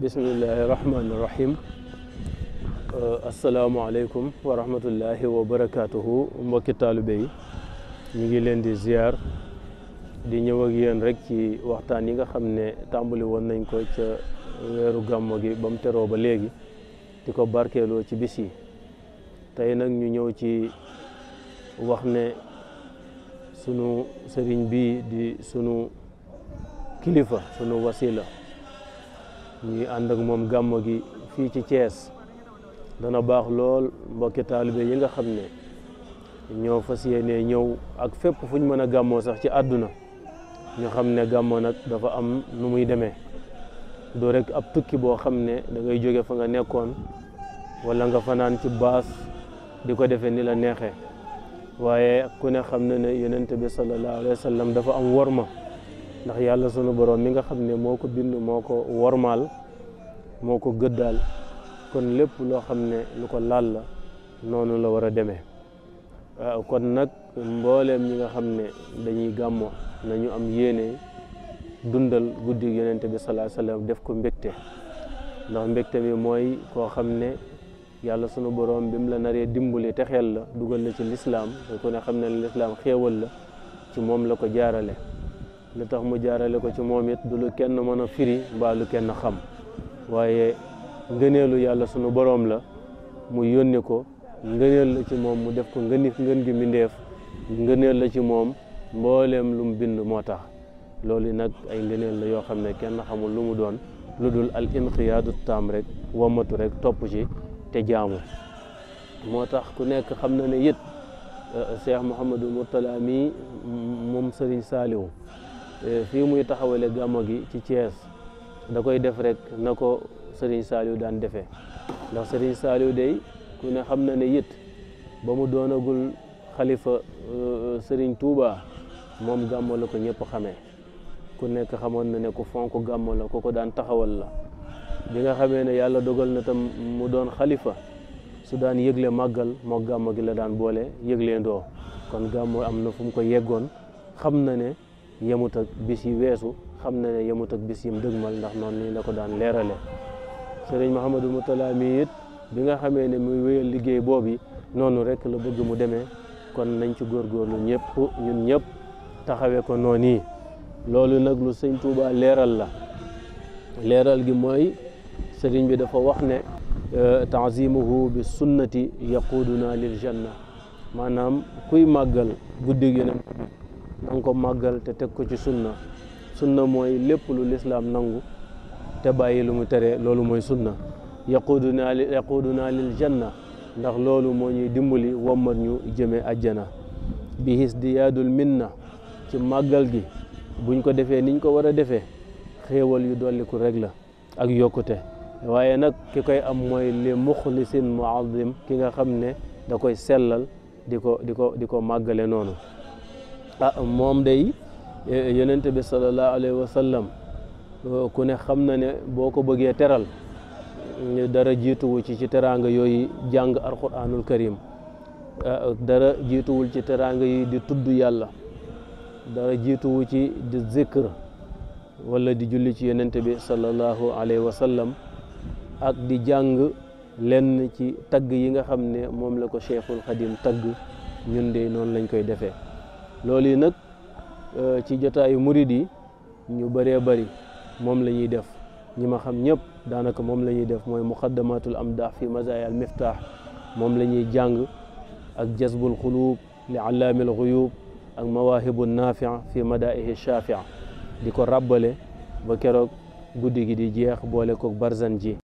bismillahi rahmaani rahim uh, asalaamaaleykum wa rahmatullahi wa barakaatuhu mbokki taalibe yi ñu ngi leen di ziar di ñëw ak yéen rek ci waxtaan yi nga xam ne tàmbali woon nañ ko ca weeru gàmmo gi ba mu teroo ba léegi di ko barkeeloo ci bis yi tey nag ñu ñëw ci wax ne sunu sëriñ bi di sunu kilifa sunu wasila ñuy ànd ak moom gàmmo gi fii ci Thiès dana baax lool mbokki taalibe yi nga xam ne ñoo fas yéene ñëw ak fépp fu ñu mën a gàmmoo sax ci àdduna ñu xam ne gàmmoo nag dafa am nu muy demee doo rekk ab tukki boo xam ne da ngay jóge fa nga nekkoon wala nga fanaan ci baas di ko defee ni la neexee waaye ku ne xam na ne yonent bi sallallahu alayhi wa dafa am worma ndax yàlla sunu borom mi nga xam ne moo ko bind moo ko wormaal moo ko gëddaal kon lépp loo xam ne lu ko laal la noonu la war a demee kon nag mbooleem ñi nga xam ne dañuy gàmmo nañu am yéene dundal guddi yonente bi salaa salaam def ko mbégte ndax mbégte mi mooy koo xam ne yàlla sunu borom bi mu la naree dimbali te xel la dugal la ci lislaam te ku ne xam ne lislaam xéewal la ci moom la ko jaarale li tax mu jaarale ko ci moom it du lu kenn mën a firi mbaa lu kenn xam waaye ngëneelu yàlla sunu boroom la mu yónni ko ngëneel la ci moom mu def ko ngëni ngën gi mbindeef ngëneel la ci moom mbooleem lu mu bind moo tax loolu nag ay ngëneel la yoo xam ne kenn xamul lu mu doon lu dul al inqiyaadu taam rek womatu rek topp te jaamu moo tax ku nekk xam na ne it euh, Cheikh Mouhamadou Mourtala mi moom Serigne Saliou euh, fii muy taxawale gàmmo gi ci Thiès da koy def rek na ko Serigne Saliou daan defee ndax Serigne Saliou day ku ne xam na ne yit ba mu doonagul xalifa euh, Serigne Touba moom gàmmo la ko ñëpp xamee. ku nekk xamoon na ne ku fonk gàmm la ku ko daan taxawal la bi nga xamee ne yàlla dogal na tam mu doon xalifa su daan yëgle màggal moo gàmm gi la daan boole yëgle ndoo kon gàmmu am na fu mu ko yeggoon xam na ne yemut ak bis yi weesu xam na ne yemut ak bis yim dëgmal ndax noonu nii la ko daan leerale sëriñ mu Moutala mi it bi nga xamee ne mu wéyal liggéey boobu noonu rek la bëgg mu demee kon nañ ci góorgóorlu ñëpp ñun ñëpp taxawee ko noonu loolu nag lu sëñ Touba leeral la leeral gi mooy sëriñ bi dafa wax ne euh, tanzimuhu bi sunnati naa lil janna maanaam kuy màggal guddi yonent bi na ko màggal te teg ko ci sunna sunna mooy lépp lu lislaam nangu te bàyyi lu mu tere loolu mooy sunna yaquduna naa yaquduna lil janna ndax loolu moo ñuy dimbali wommat ñu jëme ajjana bi his di yaadul minna ci màggal gi buñ ko defee niñ ko war a defee xéewal yu dolliku rek la ak yokkute waaye nag ki koy am mooy li muxlisin muazim ki nga xam ne da koy sellal di ko di ko di ko màggale noonu ah moom day e, yonent bi sallallahu alayhi wa sallam ku ne xam na ne boo ko bëggee teral dara jiituwu ci ci teraanga yooyu jàng alquranul karim ah, dara jiituwul ci teraanga yi di tudd yàlla dara jiituwu ci di zikr wala di julli ci yonent bi sallallahu alayhi wa sallam ak di jàng lenn ci tagg yi nga xam ne moom la ko cheikhul xadim tagg ñun de noonu lañ koy defee loolu yi nag euh, ci jotaayu murid yi ñu bëree bëri moom la ñuy def ñi ma xam ñëpp daanaka moom la ñuy def mooy muqaddamatul amdah fi mazaya al miftah moom la ñuy jàng ak jazbul xuluub li allaamil xuyuub ak mawaahibu naafia fi madaihi shafia di ko ràbbale ba keroog guddi gi di jeex boole koog barzan ji